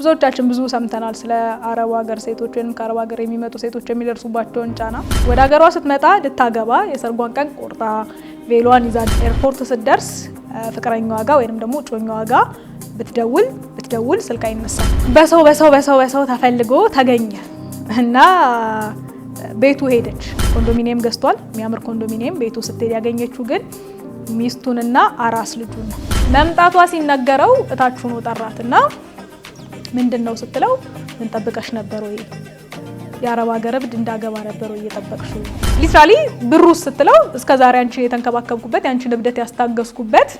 ብዙዎቻችን ብዙ ሰምተናል ስለ አረብ ሀገር ሴቶች ወይም ከአረብ ሀገር የሚመጡ ሴቶች የሚደርሱባቸውን ጫና። ወደ ሀገሯ ስትመጣ ልታገባ የሰርጓን ቀን ቆርጣ ቬሎዋን ይዛ ኤርፖርት ስትደርስ ፍቅረኛዋ ጋ ወይም ደግሞ እጮኛዋ ጋ ብትደውል ብትደውል ስልክ አይነሳም። በሰው በሰው በሰው በሰው ተፈልጎ ተገኘ እና ቤቱ ሄደች። ኮንዶሚኒየም ገዝቷል፣ የሚያምር ኮንዶሚኒየም። ቤቱ ስትሄድ ያገኘችው ግን ሚስቱንና አራስ ልጁን ነው። መምጣቷ ሲነገረው እታች ሆኖ ጠራትና ምንድን ነው ስትለው ምን ጠብቀሽ ነበር ወይ የአረብ ሀገር እብድ እንዳገባ ነበር ወይ እየጠበቅሽ ሊትራሊ ብሩ ስትለው እስከ ዛሬ አንቺን የተንከባከብኩበት የአንቺን እብደት ያስታገስኩበት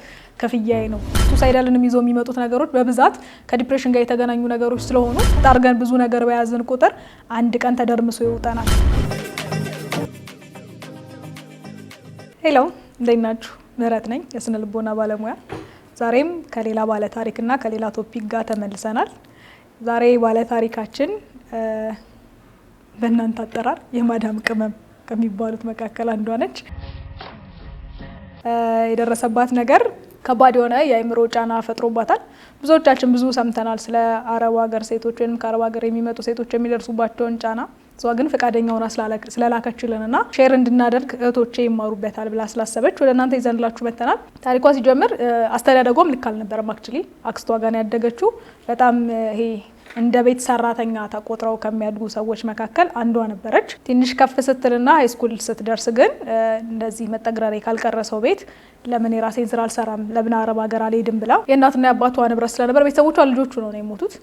ክፍያዬ ነው። ሱሳይዳልንም ይዘው የሚመጡት ነገሮች በብዛት ከዲፕሬሽን ጋር የተገናኙ ነገሮች ስለሆኑ ጣርገን ብዙ ነገር በያዝን ቁጥር አንድ ቀን ተደርምሶ ይውጠናል። ሄሎ እንዴት ናችሁ? ምህረት ነኝ የስነ ልቦና ባለሙያ። ዛሬም ከሌላ ባለ ታሪክና ከሌላ ቶፒክ ጋር ተመልሰናል። ዛሬ ባለ ታሪካችን በእናንተ አጠራር የማዳም ቅመም ከሚባሉት መካከል አንዷ ነች። የደረሰባት ነገር ከባድ የሆነ የአእምሮ ጫና ፈጥሮባታል። ብዙዎቻችን ብዙ ሰምተናል ስለ አረብ ሀገር ሴቶች ወይም ከአረብ ሀገር የሚመጡ ሴቶች የሚደርሱባቸውን ጫና እሷ ግን ፈቃደኛ ሆና ስለላከችልን ሼር እንድናደርግ እህቶቼ ይማሩበታል ብላ ስላሰበች ወደ እናንተ ይዘንላችሁ መተናል። ታሪኳ ሲጀምር አስተዳደጎም ልክ አልነበረም። አክቹዋሊ አክስቷ ጋር ያደገችው በጣም ይሄ እንደ ቤት ሰራተኛ ተቆጥረው ከሚያድጉ ሰዎች መካከል አንዷ ነበረች። ትንሽ ከፍ ስትልና ሃይስኩል ስትደርስ ግን እንደዚህ መጠግረሬ ካልቀረሰው ቤት ለምን የራሴን ስራ አልሰራም፣ ለምን አረብ ሀገር አልሄድም ብላ የእናትና የአባቷ ንብረት ስለነበር ቤተሰቦቿ ልጆቹ ነው የሞቱት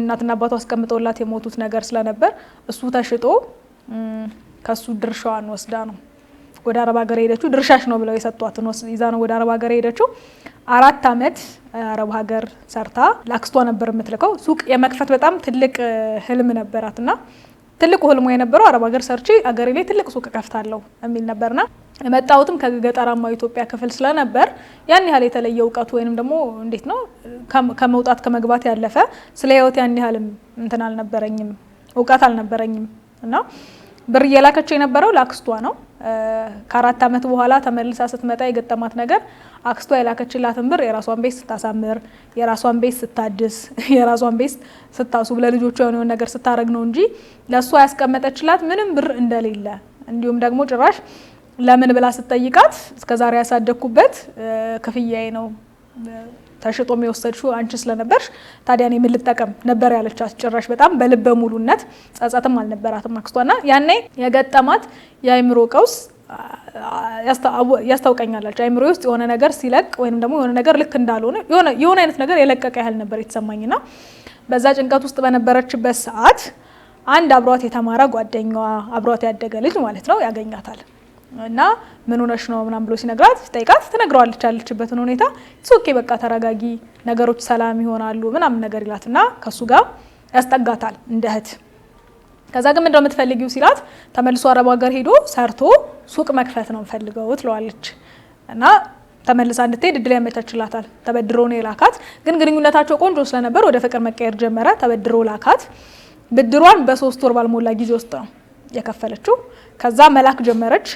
እናትና አባቷ አስቀምጠውላት የሞቱት ነገር ስለነበር እሱ ተሽጦ ከሱ ድርሻዋን ወስዳ ነው ወደ አረብ ሀገር ሄደችው ድርሻሽ ነው ብለው የሰጧትን ይዛ ነው ወደ አረብ ሀገር ሄደችው። አራት አመት አረብ ሀገር ሰርታ ላክስቷ ነበር የምትልከው። ሱቅ የመክፈት በጣም ትልቅ ህልም ነበራት እና ትልቁ ህልሙ የነበረው አረብ ሀገር ሰርቺ አገሬ ላይ ትልቅ ሱቅ ከፍታለሁ የሚል ነበርና የመጣሁትም ከገጠራማ ኢትዮጵያ ክፍል ስለነበር ያን ያህል የተለየ እውቀቱ ወይንም ደግሞ እንዴት ነው ከመውጣት ከመግባት ያለፈ ስለ ህይወት ያን ያህልም እንትን አልነበረኝም፣ እውቀት አልነበረኝም እና ብር እየላከችው የነበረው ላክስቷ ነው ከአራት ዓመት በኋላ ተመልሳ ስትመጣ የገጠማት ነገር አክስቷ የላከችላትን ብር የራሷን ቤት ስታሳምር፣ የራሷን ቤት ስታድስ፣ የራሷን ቤት ስታሱብ፣ ለልጆቿ የሆነውን ነገር ስታደረግ ነው እንጂ ለእሷ ያስቀመጠችላት ምንም ብር እንደሌለ እንዲሁም ደግሞ ጭራሽ ለምን ብላ ስትጠይቃት እስከዛሬ ያሳደግኩበት ክፍያዬ ነው ተሽጦ የወሰድሽው አንቺ ስለነበርሽ ታዲያ እኔ ነበር ያለች አስጨራሽ። በጣም በልበ ሙሉነት ጸጸትም አልነበራትም አክስቷና ያኔ የገጠማት የአእምሮ ቀውስ ያስታውቀኛላቸው አይምሮ ውስጥ የሆነ ነገር ሲለቅ ወይም ደግሞ የሆነ ነገር ልክ እንዳልሆነ የሆነ አይነት ነገር የለቀቀ ያህል ነበር የተሰማኝና በዛ ጭንቀት ውስጥ በነበረችበት ሰዓት አንድ አብሯት የተማረ ጓደኛዋ አብሯት ያደገ ልጅ ማለት ነው ያገኛታል። እና ምን ሆነሽ ነው ምናም ብሎ ሲነግራት ሲጠይቃት ትነግረዋለች ያለችበትን ሁኔታ ኦኬ፣ በቃ ተረጋጊ፣ ነገሮች ሰላም ይሆናሉ ምናምን ነገር ይላት እና ከሱ ጋር ያስጠጋታል እንደ እህት። ከዛ ግን ምንድነው የምትፈልጊው ሲላት ተመልሶ አረብ ሀገር ሄዶ ሰርቶ ሱቅ መክፈት ነው ፈልገው ትለዋለች እና ተመልሳ እንድትሄድ እድል ያመቻችላታል። ተበድሮ ነው የላካት። ግን ግንኙነታቸው ቆንጆ ስለነበር ወደ ፍቅር መቀየር ጀመረ። ተበድሮ ላካት። ብድሯን በሶስት ወር ባልሞላ ጊዜ ውስጥ ነው የከፈለችው። ከዛ መላክ ጀመረች።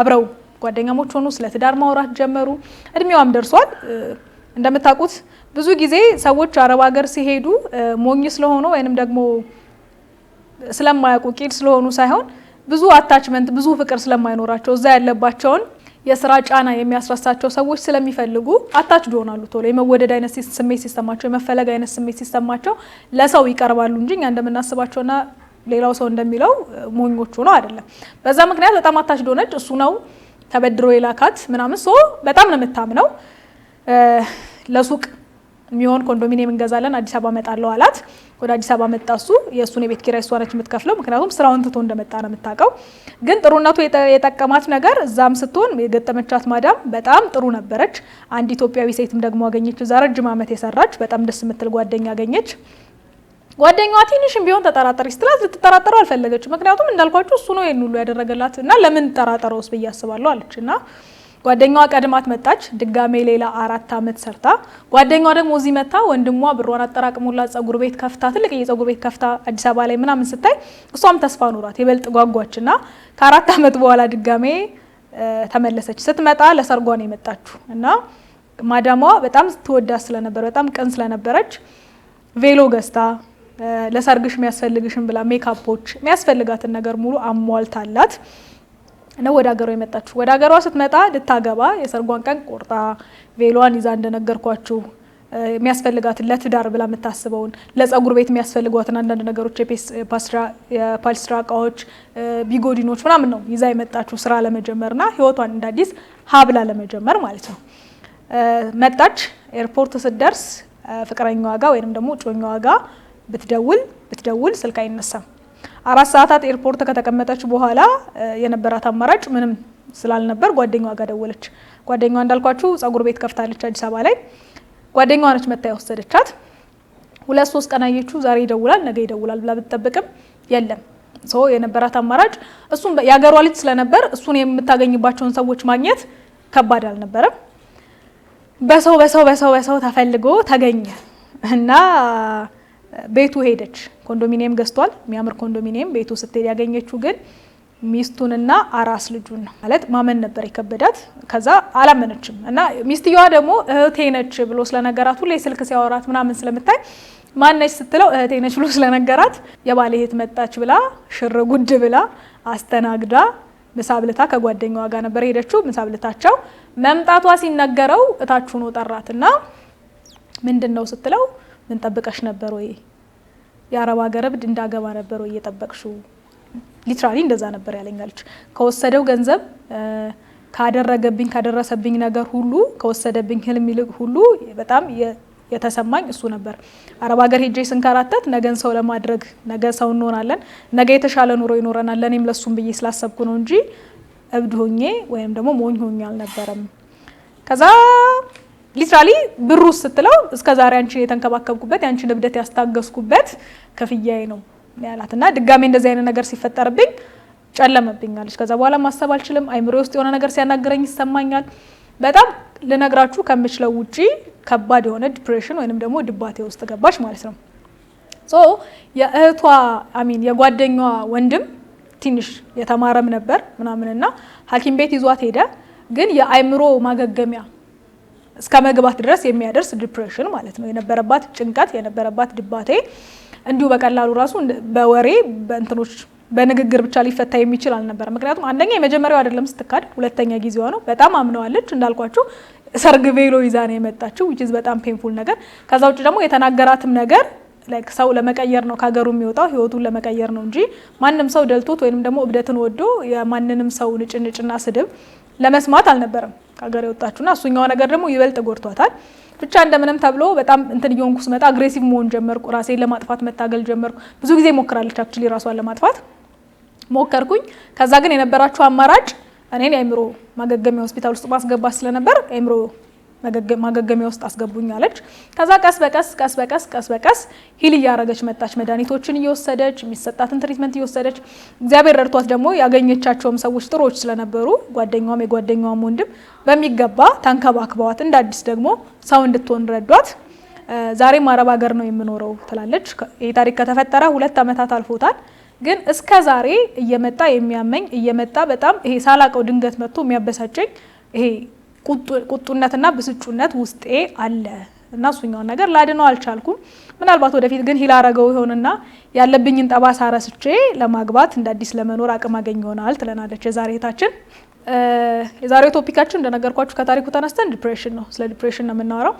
አብረው ጓደኛሞች ሆኑ። ስለ ትዳር ማውራት ጀመሩ። እድሜዋም ደርሷል። እንደምታውቁት ብዙ ጊዜ ሰዎች አረብ ሀገር ሲሄዱ ሞኝ ስለሆኑ ወይንም ደግሞ ስለማያውቁ ቂል ስለሆኑ ሳይሆን ብዙ አታችመንት ብዙ ፍቅር ስለማይኖራቸው እዛ ያለባቸውን የስራ ጫና የሚያስረሳቸው ሰዎች ስለሚፈልጉ አታች ይሆናሉ። ቶሎ የመወደድ አይነት ስሜት ሲሰማቸው፣ የመፈለግ አይነት ስሜት ሲሰማቸው ለሰው ይቀርባሉ እንጂ እኛ እንደምናስባቸውና ሌላው ሰው እንደሚለው ሞኞቹ ነው አይደለም። በዛ ምክንያት በጣም አታች ዶነች እሱ ነው ተበድሮ የላካት ምናምን ሶ በጣም ነው የምታምነው። ለሱቅ የሚሆን ኮንዶሚኒየም እንገዛለን አዲስ አበባ መጣለው አላት። ወደ አዲስ አበባ መጣ። እሱ የእሱን የቤት ኪራይ እሷ ነች የምትከፍለው፣ ምክንያቱም ስራውን ትቶ እንደመጣ ነው የምታውቀው። ግን ጥሩነቱ የጠቀማት ነገር እዛም ስትሆን የገጠመቻት ማዳም በጣም ጥሩ ነበረች። አንድ ኢትዮጵያዊ ሴትም ደግሞ አገኘች፣ እዛ ረጅም ዓመት የሰራች በጣም ደስ የምትል ጓደኛ አገኘች። ጓደኛዋ ትንሽም ቢሆን ተጠራጠሪ ስትላት ልትጠራጠረው አልፈለገችም። ምክንያቱም እንዳልኳችሁ እሱ ነው ይህን ሁሉ ያደረገላት እና ለምን ጠራጠረውስ ብዬ አስባለሁ አለች እና ጓደኛዋ ቀድማት መጣች። ድጋሜ ሌላ አራት አመት ሰርታ ጓደኛዋ ደግሞ እዚህ መታ ወንድሟ ብሯን አጠራቅሞላት ጸጉር ቤት ከፍታ ትልቅ የጸጉር ቤት ከፍታ አዲስ አበባ ላይ ምናምን ስታይ እሷም ተስፋ ኑራት ይበልጥ ጓጓች እና ከአራት ዓመት በኋላ ድጋሜ ተመለሰች። ስትመጣ ለሰርጓ ነው የመጣችሁ እና ማዳሟ በጣም ትወዳ ስለነበር በጣም ቀን ስለነበረች ቬሎ ገዝታ ለሰርግሽ የሚያስፈልግሽን ብላ ሜካፖች የሚያስፈልጋትን ነገር ሙሉ አሟልታላት ነው ወደ ሀገሯ የመጣችሁ። ወደ ሀገሯ ስትመጣ ልታገባ የሰርጓን ቀን ቆርጣ ቬሏን ይዛ እንደነገርኳችሁ የሚያስፈልጋትን ለትዳር ብላ የምታስበውን ለጸጉር ቤት የሚያስፈልጓትን አንዳንድ ነገሮች የፓልስትራ እቃዎች፣ ቢጎዲኖች ምናምን ነው ይዛ የመጣችሁ ስራ ለመጀመርና ህይወቷን እንዳዲስ ሀብላ ለመጀመር ማለት ነው። መጣች። ኤርፖርት ስትደርስ ፍቅረኛዋ ጋ ወይንም ደግሞ እጮኛዋ ዋጋ። ብትደውል ብትደውል ስልክ አይነሳም። አራት ሰዓታት ኤርፖርት ከተቀመጠች በኋላ የነበራት አማራጭ ምንም ስላልነበር ጓደኛዋ ጋር ደወለች። ጓደኛዋ እንዳልኳችሁ ጸጉር ቤት ከፍታለች አዲስ አበባ ላይ። ጓደኛዋ ነች መታ የወሰደቻት። ሁለት ሶስት ቀን አየችው። ዛሬ ይደውላል ነገ ይደውላል ብላ ብትጠብቅም የለም ሰው የነበራት አማራጭ እሱን የአገሯ ልጅ ስለነበር እሱን የምታገኝባቸውን ሰዎች ማግኘት ከባድ አልነበረም። በሰው በሰው በሰው በሰው ተፈልጎ ተገኘ እና ቤቱ ሄደች። ኮንዶሚኒየም ገዝቷል፣ የሚያምር ኮንዶሚኒየም። ቤቱ ስትሄድ ያገኘችው ግን ሚስቱንና አራስ ልጁን ነው። ማለት ማመን ነበር የከበዳት። ከዛ አላመነችም እና ሚስትየዋ ደግሞ እህቴ ነች ብሎ ስለነገራት ሁሌ ስልክ ሲያወራት ምናምን ስለምታይ ማነች ስትለው እህቴ ነች ብሎ ስለነገራት የባሌ እህት መጣች ብላ ሽር ጉድ ብላ አስተናግዳ ምሳብልታ ከጓደኛዋ ጋር ነበር ሄደችው። ምሳብልታቸው መምጣቷ ሲነገረው እታች ሆኖ ጠራትና ምንድን ነው ስትለው ምን ጠብቀሽ ነበር ወይ? የአረብ ሀገር እብድ እንዳገባ ነበር ወይ እየጠበቅሹ? ሊትራሊ እንደዛ ነበር ያለኝ ከወሰደው ገንዘብ ካደረገብኝ ካደረሰብኝ ነገር ሁሉ ከወሰደብኝ ህልም ይልቅ ሁሉ በጣም የተሰማኝ እሱ ነበር። አረብ ሀገር ሄጄ ስንከራተት ነገን ሰው ለማድረግ ነገ ሰው እንሆናለን፣ ነገ የተሻለ ኑሮ ይኖረናል፣ ለእኔም ለሱም ብዬ ስላሰብኩ ነው እንጂ እብድ ሆኜ ወይም ደግሞ ሞኝ ሆኜ አልነበረም። ከዛ ሊትራሊ ብሩ ስትለው እስከ ዛሬ አንቺን የተንከባከብኩበት የአንቺን እብደት ያስታገስኩበት ክፍያዬ ነው ያላት እና ድጋሜ እንደዚህ አይነት ነገር ሲፈጠርብኝ ጨለመብኛለች። ከዛ በኋላ ማሰብ አልችልም። አይምሮ ውስጥ የሆነ ነገር ሲያናግረኝ ይሰማኛል። በጣም ልነግራችሁ ከምችለው ውጪ ከባድ የሆነ ዲፕሬሽን ወይንም ደግሞ ድባቴ ውስጥ ገባች ማለት ነው። ሶ የእህቷ አሚን የጓደኛዋ ወንድም ትንሽ የተማረም ነበር ምናምንና ሐኪም ቤት ይዟት ሄደ። ግን የአይምሮ ማገገሚያ እስከ መግባት ድረስ የሚያደርስ ዲፕሬሽን ማለት ነው የነበረባት ጭንቀት የነበረባት ድባቴ እንዲሁ በቀላሉ ራሱ በወሬ በእንትኖች በንግግር ብቻ ሊፈታ የሚችል አልነበረ። ምክንያቱም አንደኛ የመጀመሪያው አይደለም ስትካድ፣ ሁለተኛ ጊዜዋ ነው። በጣም አምነዋለች እንዳልኳችሁ ሰርግ ቬሎ ይዛ ነው የመጣችው፣ ዊችዝ በጣም ፔንፉል ነገር። ከዛ ውጭ ደግሞ የተናገራትም ነገር ላይክ ሰው ለመቀየር ነው ከሀገሩ የሚወጣው ህይወቱን ለመቀየር ነው እንጂ ማንም ሰው ደልቶት ወይንም ደግሞ እብደትን ወዶ የማንንም ሰው ንጭንጭና ስድብ ለመስማት አልነበረም። ከሀገር ና እሱኛው ነገር ደግሞ ይበልጥ ጎድቷታል። ብቻ እንደምንም ተብሎ በጣም እንትን እየሆንኩ ስመጣ አግሬሲቭ መሆን ጀመርኩ። ራሴ ለማጥፋት መታገል ጀመርኩ። ብዙ ጊዜ ሞክራለች አክቹሊ ራሷን ለማጥፋት ሞከርኩኝ። ከዛ ግን የነበራችሁ አማራጭ እኔን የአእምሮ ማገገሚያ ሆስፒታል ውስጥ ማስገባት ስለነበር የአእምሮ ማገገሚያ ውስጥ አስገቡኝ አለች። ከዛ ቀስ በቀስ ቀስ በቀስ ቀስ በቀስ ሂል እያረገች መጣች። መድኃኒቶችን እየወሰደች የሚሰጣትን ትሪትመንት እየወሰደች እግዚአብሔር ረድቷት ደግሞ ያገኘቻቸውም ሰዎች ጥሮች ስለነበሩ ጓደኛዋም የጓደኛዋም ወንድም በሚገባ ተንከባክበዋት እንደ አዲስ ደግሞ ሰው እንድትሆን ረዷት። ዛሬም አረብ ሀገር ነው የምኖረው ትላለች። ይህ ታሪክ ከተፈጠረ ሁለት ዓመታት አልፎታል። ግን እስከ ዛሬ እየመጣ የሚያመኝ እየመጣ በጣም ይሄ ሳላቀው ድንገት መጥቶ የሚያበሳጨኝ ይሄ ቁጡነትና ብስጩነት ውስጤ አለ እና እሱኛውን ነገር ላድነው አልቻልኩም። ምናልባት ወደፊት ግን ሂል አረገው ይሆንና ያለብኝን ጠባሳ ረስቼ ለማግባት እንደ አዲስ ለመኖር አቅም አገኝ ይሆናል ትለናለች የዛሬ እህታችን። የዛሬው ቶፒካችን እንደነገርኳችሁ ከታሪኩ ተነስተን ዲፕሬሽን ነው። ስለ ዲፕሬሽን ነው የምናወራው።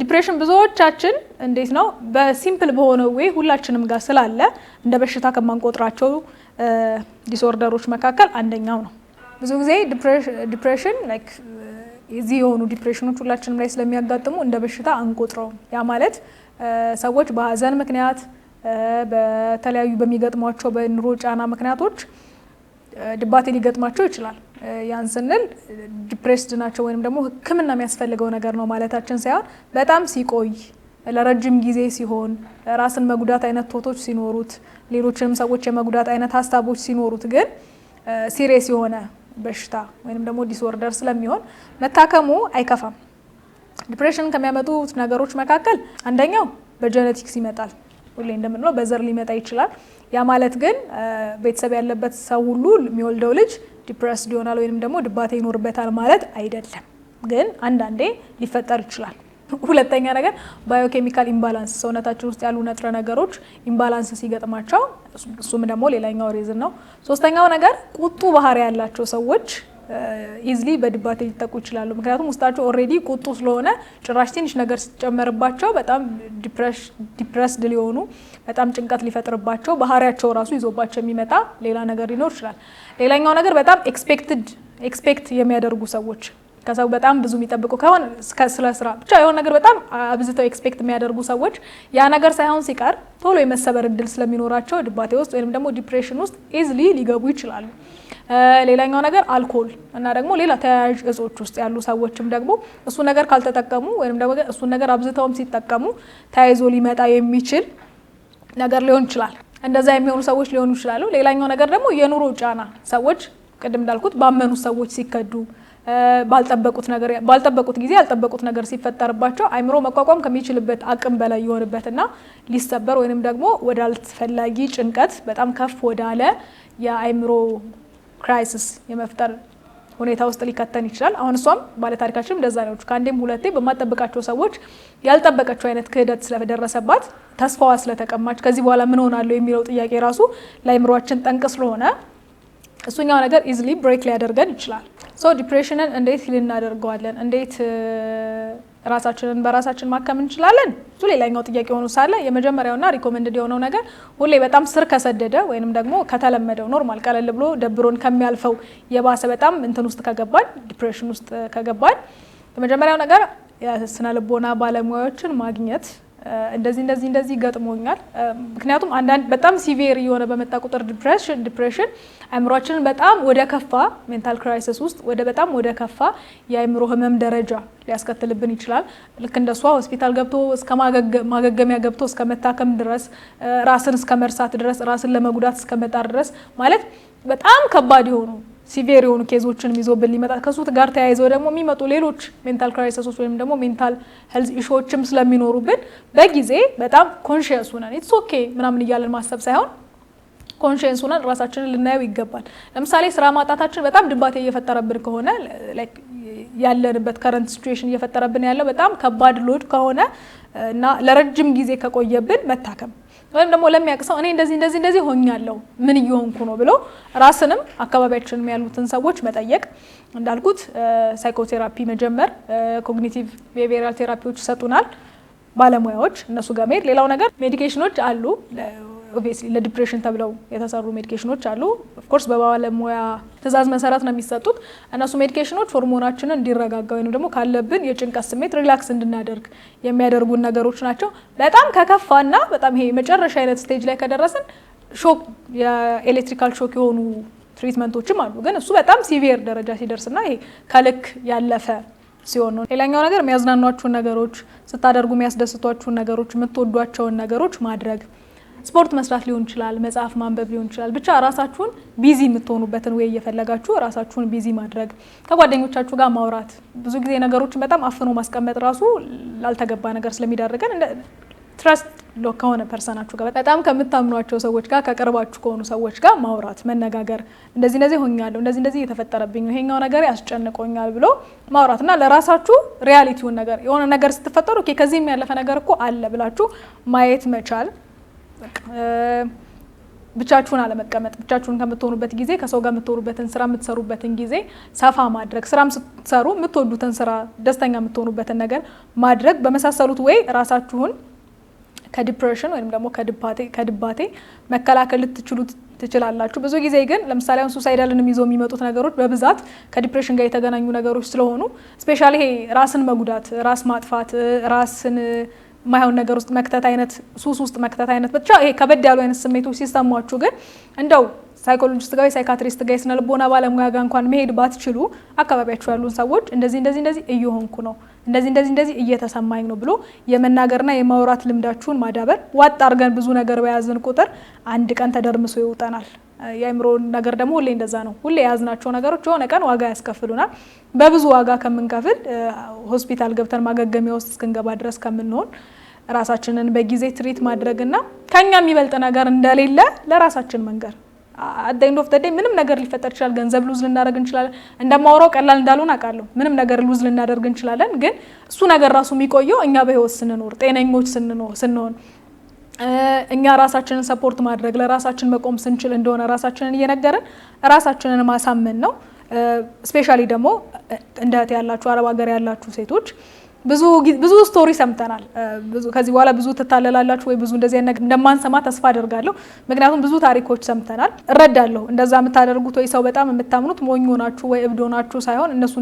ዲፕሬሽን ብዙዎቻችን እንዴት ነው በሲምፕል በሆነ ዌይ ሁላችንም ጋር ስላለ እንደ በሽታ ከማንቆጥራቸው ዲስኦርደሮች መካከል አንደኛው ነው። ብዙ ጊዜ ዲፕሬሽን ላይክ የዚህ የሆኑ ዲፕሬሽኖች ሁላችንም ላይ ስለሚያጋጥሙ እንደ በሽታ አንቆጥረውም። ያ ማለት ሰዎች በሀዘን ምክንያት በተለያዩ በሚገጥሟቸው በኑሮ ጫና ምክንያቶች ድባቴ ሊገጥማቸው ይችላል። ያን ስንል ዲፕሬስድ ናቸው ወይም ደግሞ ሕክምና የሚያስፈልገው ነገር ነው ማለታችን ሳይሆን በጣም ሲቆይ ለረጅም ጊዜ ሲሆን ራስን መጉዳት አይነት ቶቶች ሲኖሩት፣ ሌሎችንም ሰዎች የመጉዳት አይነት ሀሳቦች ሲኖሩት ግን ሲሬስ የሆነ በሽታ ወይም ደግሞ ዲስኦርደር ስለሚሆን መታከሙ አይከፋም። ዲፕሬሽን ከሚያመጡት ነገሮች መካከል አንደኛው በጀነቲክስ ይመጣል። ሁሌ እንደምንለው በዘር ሊመጣ ይችላል። ያ ማለት ግን ቤተሰብ ያለበት ሰው ሁሉ የሚወልደው ልጅ ዲፕሬስድ ይሆናል ወይም ደግሞ ድባቴ ይኖርበታል ማለት አይደለም። ግን አንዳንዴ ሊፈጠር ይችላል። ሁለተኛ ነገር ባዮኬሚካል ኢምባላንስ ሰውነታችን ውስጥ ያሉ ንጥረ ነገሮች ኢምባላንስ ሲገጥማቸው፣ እሱም ደግሞ ሌላኛው ሪዝን ነው። ሶስተኛው ነገር ቁጡ ባህሪ ያላቸው ሰዎች ኢዝሊ በድባቴ ሊጠቁ ይችላሉ። ምክንያቱም ውስጣቸው ኦልሬዲ ቁጡ ስለሆነ ጭራሽ ትንሽ ነገር ሲጨመርባቸው በጣም ዲፕረስድ ሊሆኑ፣ በጣም ጭንቀት ሊፈጥርባቸው ባህሪያቸው ራሱ ይዞባቸው የሚመጣ ሌላ ነገር ሊኖር ይችላል። ሌላኛው ነገር በጣም ኤክስፔክትድ ኤክስፔክት የሚያደርጉ ሰዎች ከሰው በጣም ብዙ የሚጠብቁ ከሆነ ስለ ስራ ብቻ የሆነ ነገር በጣም አብዝተው ኤክስፔክት የሚያደርጉ ሰዎች ያ ነገር ሳይሆን ሲቀር ቶሎ የመሰበር እድል ስለሚኖራቸው ድባቴ ውስጥ ወይም ደግሞ ዲፕሬሽን ውስጥ ኢዝሊ ሊገቡ ይችላሉ። ሌላኛው ነገር አልኮል እና ደግሞ ሌላ ተያያዥ እጾች ውስጥ ያሉ ሰዎችም ደግሞ እሱ ነገር ካልተጠቀሙ ወይም ደግሞ እሱ ነገር አብዝተውም ሲጠቀሙ ተያይዞ ሊመጣ የሚችል ነገር ሊሆን ይችላል። እንደዛ የሚሆኑ ሰዎች ሊሆኑ ይችላሉ። ሌላኛው ነገር ደግሞ የኑሮ ጫና ሰዎች ቅድም እንዳልኩት ባመኑ ሰዎች ሲከዱ ባልጠበቁት ነገር ባልጠበቁት ጊዜ ያልጠበቁት ነገር ሲፈጠርባቸው አይምሮ መቋቋም ከሚችልበት አቅም በላይ ይሆንበትና ሊሰበር ወይንም ደግሞ ወደ አልተፈላጊ ጭንቀት በጣም ከፍ ወዳለ የአይምሮ ክራይሲስ የመፍጠር ሁኔታ ውስጥ ሊከተን ይችላል። አሁን እሷም ባለታሪካችን እንደዛ ነች። ከአንዴም ሁለቴ በማጠበቃቸው ሰዎች ያልጠበቀችው አይነት ክህደት ስለደረሰባት ተስፋዋ ስለተቀማች ከዚህ በኋላ ምን ሆናለሁ የሚለው ጥያቄ ራሱ ለአይምሯችን ጠንቅ ስለሆነ እሱኛው ነገር ኢዝሊ ብሬክ ሊያደርገን ይችላል። ሶ ዲፕሬሽንን እንዴት ሂል እናደርገዋለን? እንዴት ራሳችንን በራሳችን ማከም እንችላለን? ብዙ ሌላኛው ጥያቄ ሆኖ ሳለ የመጀመሪያውና ሪኮመንድድ የሆነው ነገር ሁሌ በጣም ስር ከሰደደ ወይንም ደግሞ ከተለመደው ኖርማል ቀለል ብሎ ደብሮን ከሚያልፈው የባሰ በጣም እንትን ውስጥ ከገባን ዲፕሬሽን ውስጥ ከገባን የመጀመሪያው ነገር የስነ ልቦና ባለሙያዎችን ማግኘት እንደዚህ እንደዚህ እንደዚህ ገጥሞኛል። ምክንያቱም አንዳንድ በጣም ሲቪየር እየሆነ በመጣ ቁጥር ዲፕሬሽን ዲፕሬሽን አእምሯችንን በጣም ወደ ከፋ ሜንታል ክራይሲስ ውስጥ ወደ በጣም ወደ ከፋ የአእምሮ ህመም ደረጃ ሊያስከትልብን ይችላል። ልክ እንደሷ ሆስፒታል ገብቶ እስከ ማገገሚያ ገብቶ እስከ መታከም ድረስ ራስን እስከ መርሳት ድረስ ራስን ለመጉዳት እስከ መጣር ድረስ ማለት በጣም ከባድ የሆኑ ሲቪየር የሆኑ ኬዞችንም ይዞብን ሊመጣ ከሱ ጋር ተያይዘው ደግሞ የሚመጡ ሌሎች ሜንታል ክራይሰሶች ወይም ደግሞ ሜንታል ሄልዝ ኢሹዎችም ስለሚኖሩብን በጊዜ በጣም ኮንሽየንስ ሁነን ኢትስ ኦኬ ምናምን እያለን ማሰብ ሳይሆን ኮንሽየንስ ሁነን ራሳችንን ልናየው ይገባል። ለምሳሌ ስራ ማጣታችን በጣም ድባቴ እየፈጠረብን ከሆነ ያለንበት ከረንት ሲትዌሽን እየፈጠረብን ያለው በጣም ከባድ ሎድ ከሆነ እና ለረጅም ጊዜ ከቆየብን መታከም ወይም ደግሞ ለሚያውቅ ሰው እኔ እንደዚህ እንደዚህ እንደዚህ ሆኛለሁ ምን እየሆንኩ ነው ብሎ ራስንም አካባቢያችንም ያሉትን ሰዎች መጠየቅ፣ እንዳልኩት ሳይኮቴራፒ መጀመር፣ ኮግኒቲቭ ቢሄቪራል ቴራፒዎች ይሰጡናል ባለሙያዎች እነሱ ጋር መሄድ። ሌላው ነገር ሜዲኬሽኖች አሉ ኦብቪየስሊ ለዲፕሬሽን ተብለው የተሰሩ ሜዲኬሽኖች አሉ። ኦፍኮርስ በባለሙያ ትእዛዝ መሰረት ነው የሚሰጡት። እነሱ ሜዲኬሽኖች ሆርሞናችንን እንዲረጋጋ ወይም ደግሞ ካለብን የጭንቀት ስሜት ሪላክስ እንድናደርግ የሚያደርጉን ነገሮች ናቸው። በጣም ከከፋና በጣም ይሄ መጨረሻ አይነት ስቴጅ ላይ ከደረስን ሾክ የኤሌክትሪካል ሾክ የሆኑ ትሪትመንቶችም አሉ። ግን እሱ በጣም ሲቪየር ደረጃ ሲደርስና ይሄ ከልክ ያለፈ ሲሆን ነው። ሌላኛው ነገር የሚያዝናኗችሁን ነገሮች ስታደርጉ የሚያስደስቷችሁን ነገሮች የምትወዷቸውን ነገሮች ማድረግ ስፖርት መስራት ሊሆን ይችላል፣ መጽሐፍ ማንበብ ሊሆን ይችላል። ብቻ ራሳችሁን ቢዚ የምትሆኑበትን ወይ እየፈለጋችሁ ራሳችሁን ቢዚ ማድረግ፣ ከጓደኞቻችሁ ጋር ማውራት። ብዙ ጊዜ ነገሮችን በጣም አፍኖ ማስቀመጥ ራሱ ላልተገባ ነገር ስለሚዳርገን ትረስት ከሆነ ፐርሰናችሁ ጋር በጣም ከምታምኗቸው ሰዎች ጋር ከቅርባችሁ ከሆኑ ሰዎች ጋር ማውራት፣ መነጋገር እንደዚህ እንደዚህ ሆኛለሁ፣ እንደዚህ እንደዚህ እየተፈጠረብኝ ይሄኛው ነገር ያስጨንቆኛል ብሎ ማውራት እና ለራሳችሁ ሪያሊቲውን ነገር የሆነ ነገር ስትፈጠሩ ከዚህም ያለፈ ነገር እኮ አለ ብላችሁ ማየት መቻል ብቻችሁን አለመቀመጥ፣ ብቻችሁን ከምትሆኑበት ጊዜ ከሰው ጋር የምትሆኑበትን ስራ የምትሰሩበትን ጊዜ ሰፋ ማድረግ፣ ስራም ስትሰሩ የምትወዱትን ስራ፣ ደስተኛ የምትሆኑበትን ነገር ማድረግ በመሳሰሉት ወይ ራሳችሁን ከዲፕሬሽን ወይም ደግሞ ከድባቴ መከላከል ልትችሉ ትችላላችሁ። ብዙ ጊዜ ግን ለምሳሌ አሁን ሱሳይዳልንም ይዘው የሚመጡት ነገሮች በብዛት ከዲፕሬሽን ጋር የተገናኙ ነገሮች ስለሆኑ ስፔሻሊ ይሄ ራስን መጉዳት፣ ራስ ማጥፋት፣ ራስን የማይሆን ነገር ውስጥ መክተት አይነት ሱስ ውስጥ መክተት አይነት ብቻ ይሄ ከበድ ያሉ አይነት ስሜቶች ሲሰሟችሁ ግን እንደው ሳይኮሎጂስት ጋር ሳይካትሪስት ጋር የስነ ልቦና ባለሙያ ጋር እንኳን መሄድ ባትችሉ አካባቢያቸው ያሉን ሰዎች እንደዚህ እንደዚህ እንደዚህ እየሆንኩ ነው፣ እንደዚህ እንደዚህ እንደዚህ እየተሰማኝ ነው ብሎ የመናገርና የማውራት ልምዳችሁን ማዳበር። ዋጥ አድርገን ብዙ ነገር በያዝን ቁጥር አንድ ቀን ተደርምሶ ይውጠናል። የአእምሮ ነገር ደግሞ ሁሌ እንደዛ ነው። ሁሌ የያዝናቸው ነገሮች የሆነ ቀን ዋጋ ያስከፍሉናል። በብዙ ዋጋ ከምንከፍል ሆስፒታል ገብተን ማገገሚያ ውስጥ እስክንገባ ድረስ ከምንሆን ራሳችንን በጊዜ ትሪት ማድረግና ከኛ የሚበልጥ ነገር እንደሌለ ለራሳችን መንገር አት ኦፍ ምንም ነገር ሊፈጠር ይችላል። ገንዘብ ሉዝ ልናደርግ እንችላለን። እንደማወራው ቀላል እንዳልሆን አውቃለሁ። ምንም ነገር ሉዝ ልናደርግ እንችላለን። ግን እሱ ነገር ራሱ የሚቆየው እኛ በህይወት ስንኖር፣ ጤነኞች ስንሆን፣ እኛ ራሳችንን ሰፖርት ማድረግ ለራሳችን መቆም ስንችል እንደሆነ ራሳችንን እየነገርን ራሳችንን ማሳመን ነው። ስፔሻሊ ደግሞ እንደት ያላችሁ አረብ ሀገር ያላችሁ ሴቶች ብዙ ብዙ ስቶሪ ሰምተናል። ከዚህ በኋላ ብዙ ትታለላላችሁ ወይ ብዙ እንደዚህ ነገር እንደማንሰማ ተስፋ አደርጋለሁ። ምክንያቱም ብዙ ታሪኮች ሰምተናል። እረዳለሁ። እንደዛ የምታደርጉት ወይ ሰው በጣም የምታምኑት ሞኞ ናችሁ ወይ እብዶ ናችሁ ሳይሆን እነሱ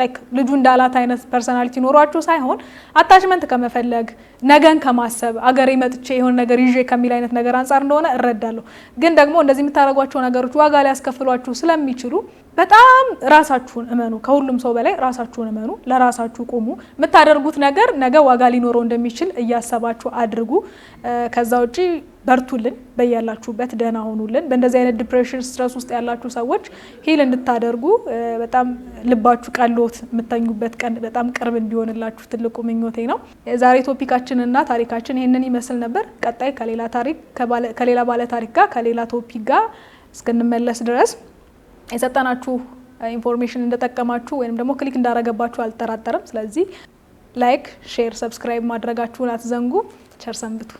ላይክ ልጁ እንዳላት አይነት ፐርሰናሊቲ ኖሯችሁ ሳይሆን አታችመንት ከመፈለግ ነገን ከማሰብ አገሬ መጥቼ የሆነ ነገር ይዤ ከሚል አይነት ነገር አንጻር እንደሆነ እረዳለሁ። ግን ደግሞ እንደዚህ የምታደርጓቸው ነገሮች ዋጋ ሊያስከፍሏችሁ ስለሚችሉ በጣም ራሳችሁን እመኑ። ከሁሉም ሰው በላይ ራሳችሁን እመኑ። ለራሳችሁ ቁሙ። የምታደርጉት ነገር ነገ ዋጋ ሊኖረው እንደሚችል እያሰባችሁ አድርጉ። ከዛ ውጪ በርቱልን፣ በያላችሁበት ደህና ሆኑልን። በእንደዚህ አይነት ዲፕሬሽን፣ ስትረስ ውስጥ ያላችሁ ሰዎች ሂል እንድታደርጉ በጣም ልባችሁ ቀሎት የምተኙበት ቀን በጣም ቅርብ እንዲሆንላችሁ ትልቁ ምኞቴ ነው። የዛሬ ቶፒካችንና ታሪካችን ይህንን ይመስል ነበር። ቀጣይ ከሌላ ታሪክ ከሌላ ባለ ታሪክ ጋር ከሌላ ቶፒክ ጋር እስክንመለስ ድረስ የሰጠናችሁ ኢንፎርሜሽን እንደጠቀማችሁ ወይም ደግሞ ክሊክ እንዳረገባችሁ አልጠራጠርም። ስለዚህ ላይክ፣ ሼር፣ ሰብስክራይብ ማድረጋችሁን አትዘንጉ። ቸር ሰንብቱ።